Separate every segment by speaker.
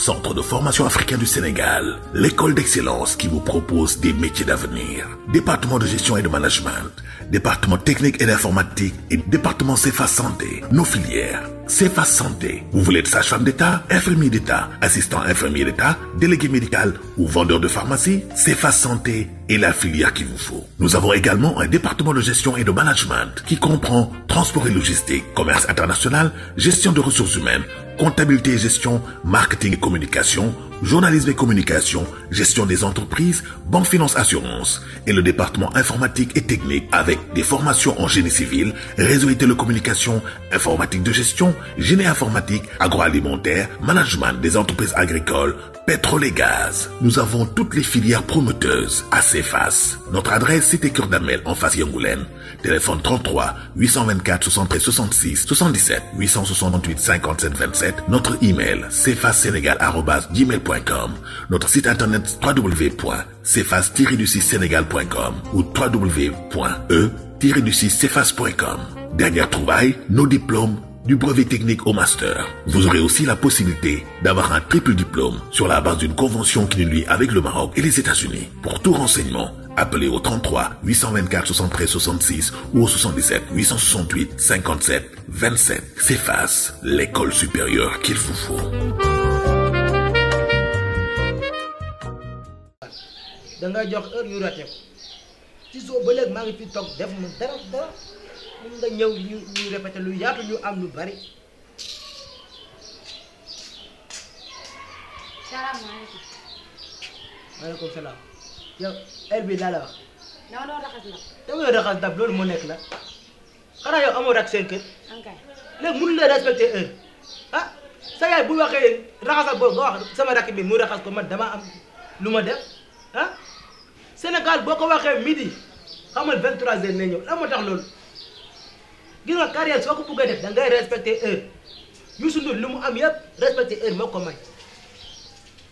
Speaker 1: Centre de formation africain du Sénégal, l'école d'excellence qui vous propose des métiers d'avenir. Département de gestion et de management, département technique et d'informatique et département CFA Santé. Nos filières, CFA Santé. Vous voulez être sage-femme d'État, infirmier d'État, assistant infirmier d'État, délégué médical ou vendeur de pharmacie CFA Santé est la filière qu'il vous faut. Nous avons également un département de gestion et de management qui comprend transport et logistique, commerce international, gestion de ressources humaines, comptabilité et gestion, marketing et communication journalisme et communication, gestion des entreprises, banque finance assurance et le département informatique et technique avec des formations en génie civil, réseau et télécommunication, informatique de gestion, génie informatique, agroalimentaire, management des entreprises agricoles, pétrole et gaz. Nous avons toutes les filières promoteuses à CEFAS. Notre adresse, c'était Kurdamel en face Yangoulen. Téléphone 33 824 73 66 77 868 57 27. Notre email, cfassénégal.com notre site internet www.cefas-sénégal.com ou www.e-cefas.com. Dernière trouvaille, nos diplômes du brevet technique au master. Vous aurez aussi la possibilité d'avoir un triple diplôme sur la base d'une convention qui nous lie avec le Maroc et les États-Unis. Pour tout renseignement, appelez au 33 824 73 66 ou au 77 868 57 27. C'est l'école supérieure qu'il vous faut.
Speaker 2: da nga jox heure yu raté ko ci so ba leg ma ngi fi tok def mu dara dara mu nga ñew ñu ñu répéter lu yaatu ñu am lu bari salam maaleykum salaam yow heure bi laa la wax
Speaker 3: non non raxas na
Speaker 2: dama yow raxas dab loolu moo nekk la xanaa yow amoo rak seen kër léegi mënu la respecté heure ah sa yaay bu waxee raxasal boobu nga wax sama rak bi mu raxas ko man dama am luma def ah Sénégal boo ko waxee midi xamal 23h na ñëw lan moo tax loolu gis nga soo ko bëggee def da ngay respecté heure Youssou Ndour mu am yëpp respecté heure moo ko may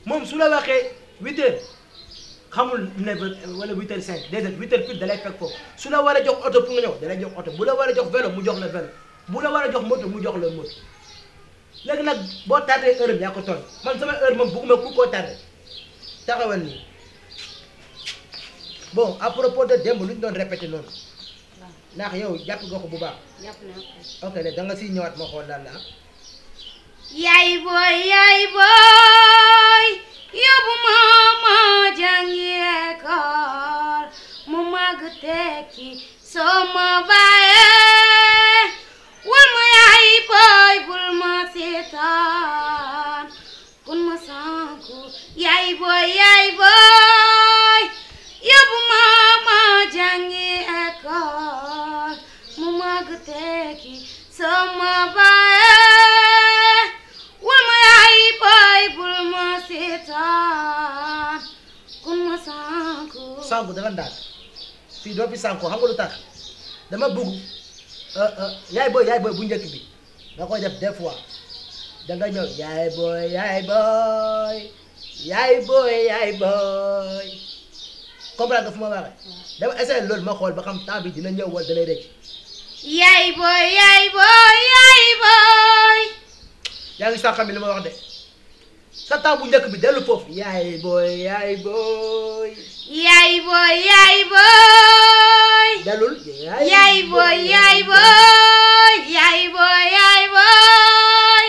Speaker 2: moom su la waxee 8h xamul ne wala 8h05 déedéet 8h pile da lay fekk foofu su la war a jox oto pour nga ñëw da lay jox oto bu la war a jox vélo mu jox la vélo bu la war a jox moto mu jox la moto léegi nag boo tardé heure bi yaa ko toll man sama heure moom bëgguma ku ko tardé taxawal nii. bon à propos de démb lu ñu doon répété noonu. ndax yow jàpp nga ko bu baax. jàpp ok léegi da nga siy ñëwaat ma xool daal la ah.
Speaker 3: yaay booy yaay booy yóbbu mama jàngi école mu màgg tekki soo ma baax.
Speaker 2: sangu dafa ndànk fii doo fi sànkoo xam
Speaker 3: nga dama bëgg
Speaker 2: euh, euh, yaay booy yaay booy bu njëkk bi nga koy def des fois da ñëw yaay booy yaay booy yaay booy yaay booy comprendre nga fu ma waxee dama essayé loolu ma xool ba xam temps bi dina yaay booy
Speaker 3: yaay booy
Speaker 2: yaay booy sa temps bu bi dellu foofu yaay booy yaay booy
Speaker 3: yaay booy yaay booy yaay booy yaay booy yaay booy yaay booy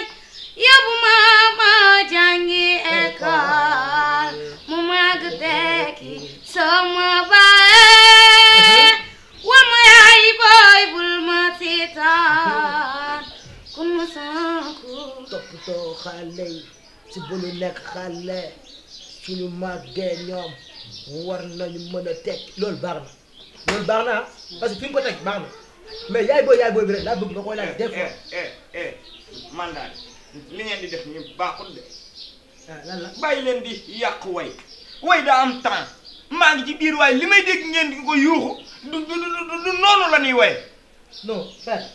Speaker 3: yóbbu ma ma jàngi école mu màgg tekki sama ma yaay booy bul ma tiitaan kun ma xale
Speaker 2: si bu ñu nekk xale suñu màggee ñoom war nañu mën a teg loolu baax na loolu baax na parce que fi mu ko teg baax na mais yaay booy yaay booy bi rek laa bëgg nga koy laaj des eh,
Speaker 4: eh, eh, man la li ngeen di def ñu baaxul de. ah lan la bàyyi leen di yàq way way daa am temps maa ngi ci biir waaye li may dégg ngeen di ko yuuxu du du du noonu la ñuy way non frère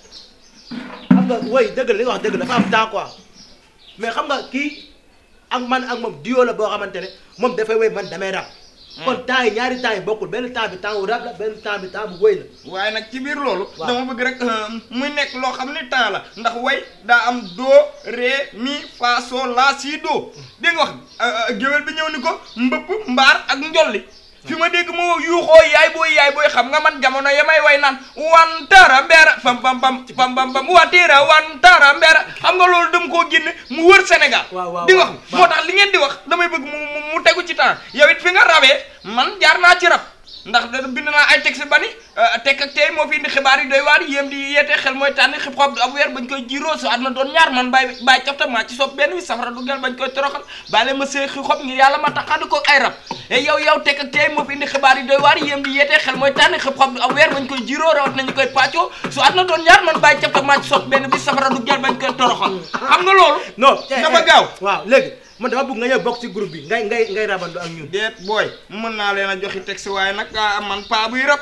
Speaker 4: xam nga way dëgg li nga wax dëgg dafa am temps quoi
Speaker 2: mais xam nga ak man ak moom duo la boo xamante ne moom dafay woy man damay rap. Hmm. kon
Speaker 4: temps yi ñaari temps yi bokkul benn temps bi temps wu rap la benn temps bi temps bu woy la. waaye nag ci biir loolu. dama bëgg rek euh, muy nekk loo xam ne temps la ndax woy daa am do ré mi fa sol la si do. dégg euh, euh, géwél bi ñëw ni ko mbëpp mbaar ak njolli. fi ma dégg moo yuuxoo yaay booy yaay booy xam nga man jamono ya may way naan wantara mbera bam bam bam bam bam bam watira wantara mbera xam nga loolu dama koo génne mu wër Sénégal di wax moo tax li ngeen di wax damay bëgg mu mu tegu ci temps yow it fi nga rawee man jaar naa ci rab ndax da bind naa ay texte ba ni euh, tekk ak tey moo fi indi xibaar yi doy waar yéem di yeete xel mooy tànn xib xob du ab weer bañ koy jiróo su àdduna doon ñaar man bàyyi bàyyi cofta maa ci soob benn koy toroxal bàyyi ko eh, yow yow tekk ak tey moo fi yi doy waar yéem di yeete xel mooy tànn xib xob du ab weer bañ koy jiróo rawat nañu koy pàccoo su àdduna doon ñaar man bàyyi cofta maa ci soob benn bi safara du gel bañ koy toroxal xam nga loolu non dafa eh, gaaw waaw man dama bëgg nga ñëw bokk ci groupe bi ngay ngay ngay rabandu ak ñun. déet booy mën naa leen a jox joxi texte waaye nag ah, man paa buy rab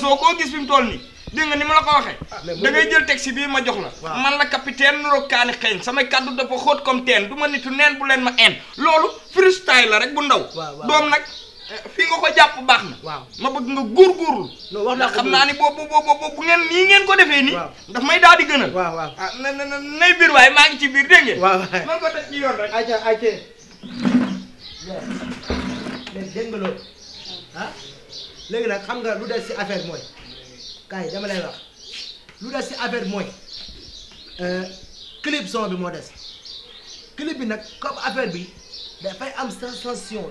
Speaker 4: soo koo gis fi mu toll nii dégg nga ni ma la ko waxee. Ah, da ngay jël texte bii ma jox la. man la capitaine Nourou Kaani xeeñ samay kaddu dafa xóot comme ten du ma nitu neen bu leen ma en loolu freestyle la rek bu ndaw. doom nag. fii nga ko jàpp baax na. waaw ma bëgg nga góorgóorlu. non wax naa ko xam naa ni boobu boobu bu ngeen nii ngeen ko defee nii. ndax may daal di gënal. waaw waaw ah na na nay waaye maa ngi ci biir dégg ngeen. waaw waay man ko
Speaker 2: teg ci ah? nag xam nga lu des si affaire mooy kaay dama lay wax lu des si affaire mooy euh, clip son bi moo des bi nag comme affaire bi dafay am sensation.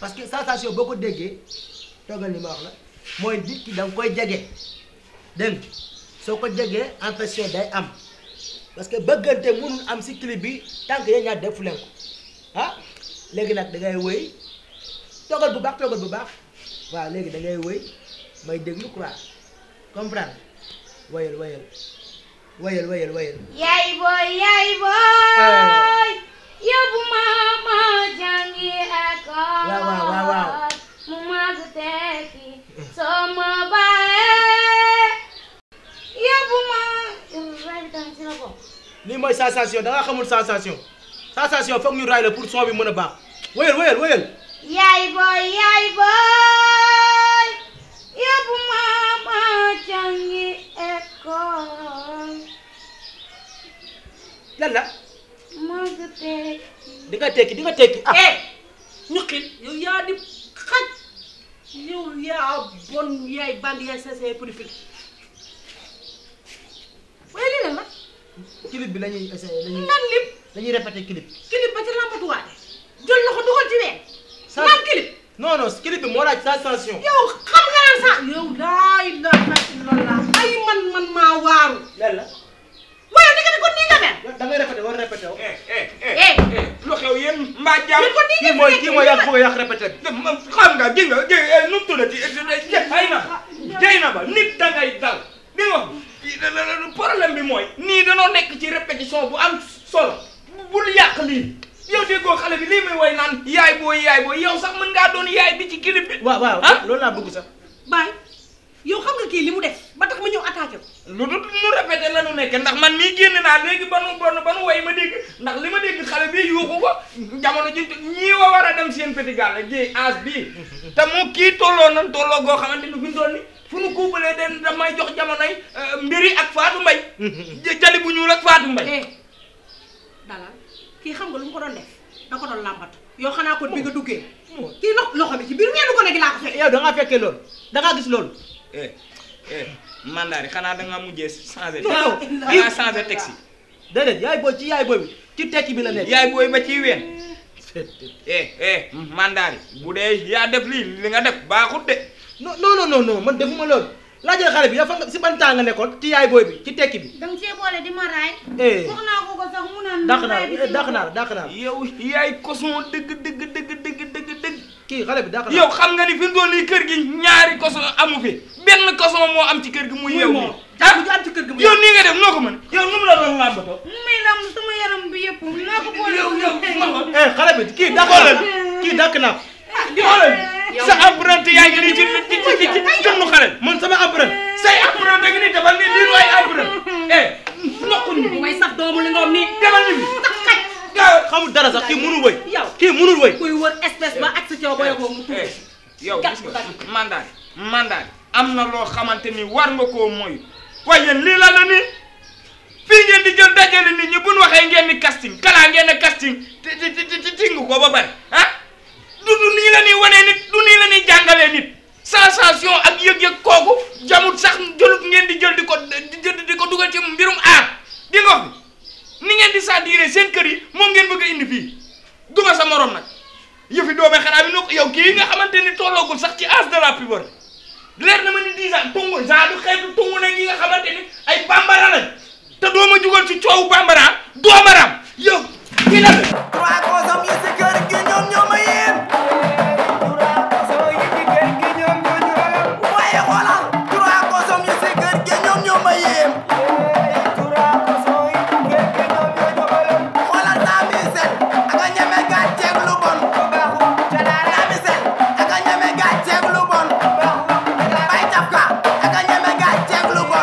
Speaker 2: parce que sensation boo ko déggee toogal li ma wax la mooy nit ki da nga koy jege dégg soo ko jegee infection day am parce que bëggante mënul am si clip bi tànk yéen ñaar defu leen ko ah léegi nag da ngay wëy toogal bu baax toogal bu baax waaw léegi da ngay wëy may déglu quoi comprendre wayal wayal wayal wayal
Speaker 3: yaay booy yaay booy eh. yóbbu ma
Speaker 2: lii mooy sensation da nga xamul sensation sensation foog ñu raay la pour son bi mën a baax wéyal wéyal wéyal
Speaker 3: yaay booy yaay booy yóbbu ma ma jàngi école lan la ma nga tekki
Speaker 2: di nga tekki di nga tekki ah eh,
Speaker 3: ñuqil yow ya di xaj
Speaker 2: yow ya bon yaay band yaay sese sa profil waaye lii lan la clip bi lañuy essayer eh, lañuy nan lip lañuy répéter clip clip ba ci lambatu waate jël loxo dugal ci ween nan clip non non clip bi mo laaj ci sensation yow xam nga lan sa yow la ilaha illallah ay man
Speaker 4: man ma waru lan la da ngay répété war répété wu. Eh, eh, eh, lu xew yéen mbaa jàmm. kii mooy kii mooy yàgg bëgg a yàq répété bi. xam nga gis nga gis nu mu tuddati jay na ba jay na ba nit da ngay dal di nga problème bi mooy. nii danoo nekk ci répétition bu am solo bul yàq lii. yow déggoo xale bi lii muy woy naan yaay booy yaay booy yow sax mën ngaa doon yaay bi ci clip bi. waaw waaw ah? loolu laa bëgg sax. bii génn naa léegi banu banu banu way ma dégg ndax li ma dégg xale bi yuuxu ko jamono ji ñii wa war a dem seen petit gàll ji as bii te mu kii tolloo nan tolloo goo xamante ni fi mu toll ni fu nu kuubalee den damay jox jamonoy euh, ak Fatou Mbaye jali bu ñuul ak Fatou Mbaye eh, xam nga lu mu ko doon def da ko doon làmbat yoo xanaa kon bi nga duggee oh. kii loxo loxo bi ci biir ngeen
Speaker 2: ko ne gi ko fekk eh, yow da fekkee loolu da gis loolu
Speaker 4: eh, mandaari xanaa da ngaa mujjee changé. waaw xanaa changé taxi. déedéet yaay booy ci yaay booy bi ci tekki bi la nekk. yaay booy ba ciy ween. Eh, eh mandaari bu dee yaa def lii li nga def baaxut de.
Speaker 2: non non non non man defuma la laajal xale bi dafa si ban temps nga nekkoon ci yaay booy bi ci tekki bi.
Speaker 3: da nga cee boole di ma raay. Eh. wax naa ko naa dàq naa eh, dàq
Speaker 4: naa. dëgg dëgg dëgg. kii xale bi daa yow xam nga ni fi mu doon nii kër gi ñaari koso amu fi benn koso moo am ci kër gi. muy yow moom jaaku ah! ju am ci kër gi. yow nii nga def noo ko mën yow nu mu la doon làmbatoo.
Speaker 3: muy lam sama yaram bi yëpp naa ko
Speaker 4: boole. yow yow eh, xale bi kii dàqoo leen kii dàq naa ko. yow yow sa empreinte yaa ngi nii ci ci ci ci tundu xale. man sama empreinte say empreinte da nga nii defal nii lii mooy empreinte. eh ndoxuñu. mooy sax doomu li nga wax nii defal nii. xamul dara sax kii mënul wëy. yow kii mënul wëy. kuy wër espèce ba sa coow ba yokku mu tuuti. Eh, yow gis nga am na loo xamante ni war nga koo mooy waaye yéen lii la la ni fii ngeen di jël dajale nit ñi bu nu waxee ngeen ni casting kalaa ngeen ne casting te te te tingu ko ba pare ah du du nii la ñuy wanee nit du nii la ñuy jàngalee nit sensation ak. bii du ma sa morom nag yëfi doome xaraam yi noo ko yow kii nga xamante ni tolloogul sax ci âge de la leer na ma ni 10 ans tungu genre xeetu tungu na ñi nga xamante ni ay bambara lañ te doo ma jugal ci coowu bambara doomaraam yow kii la. Pablo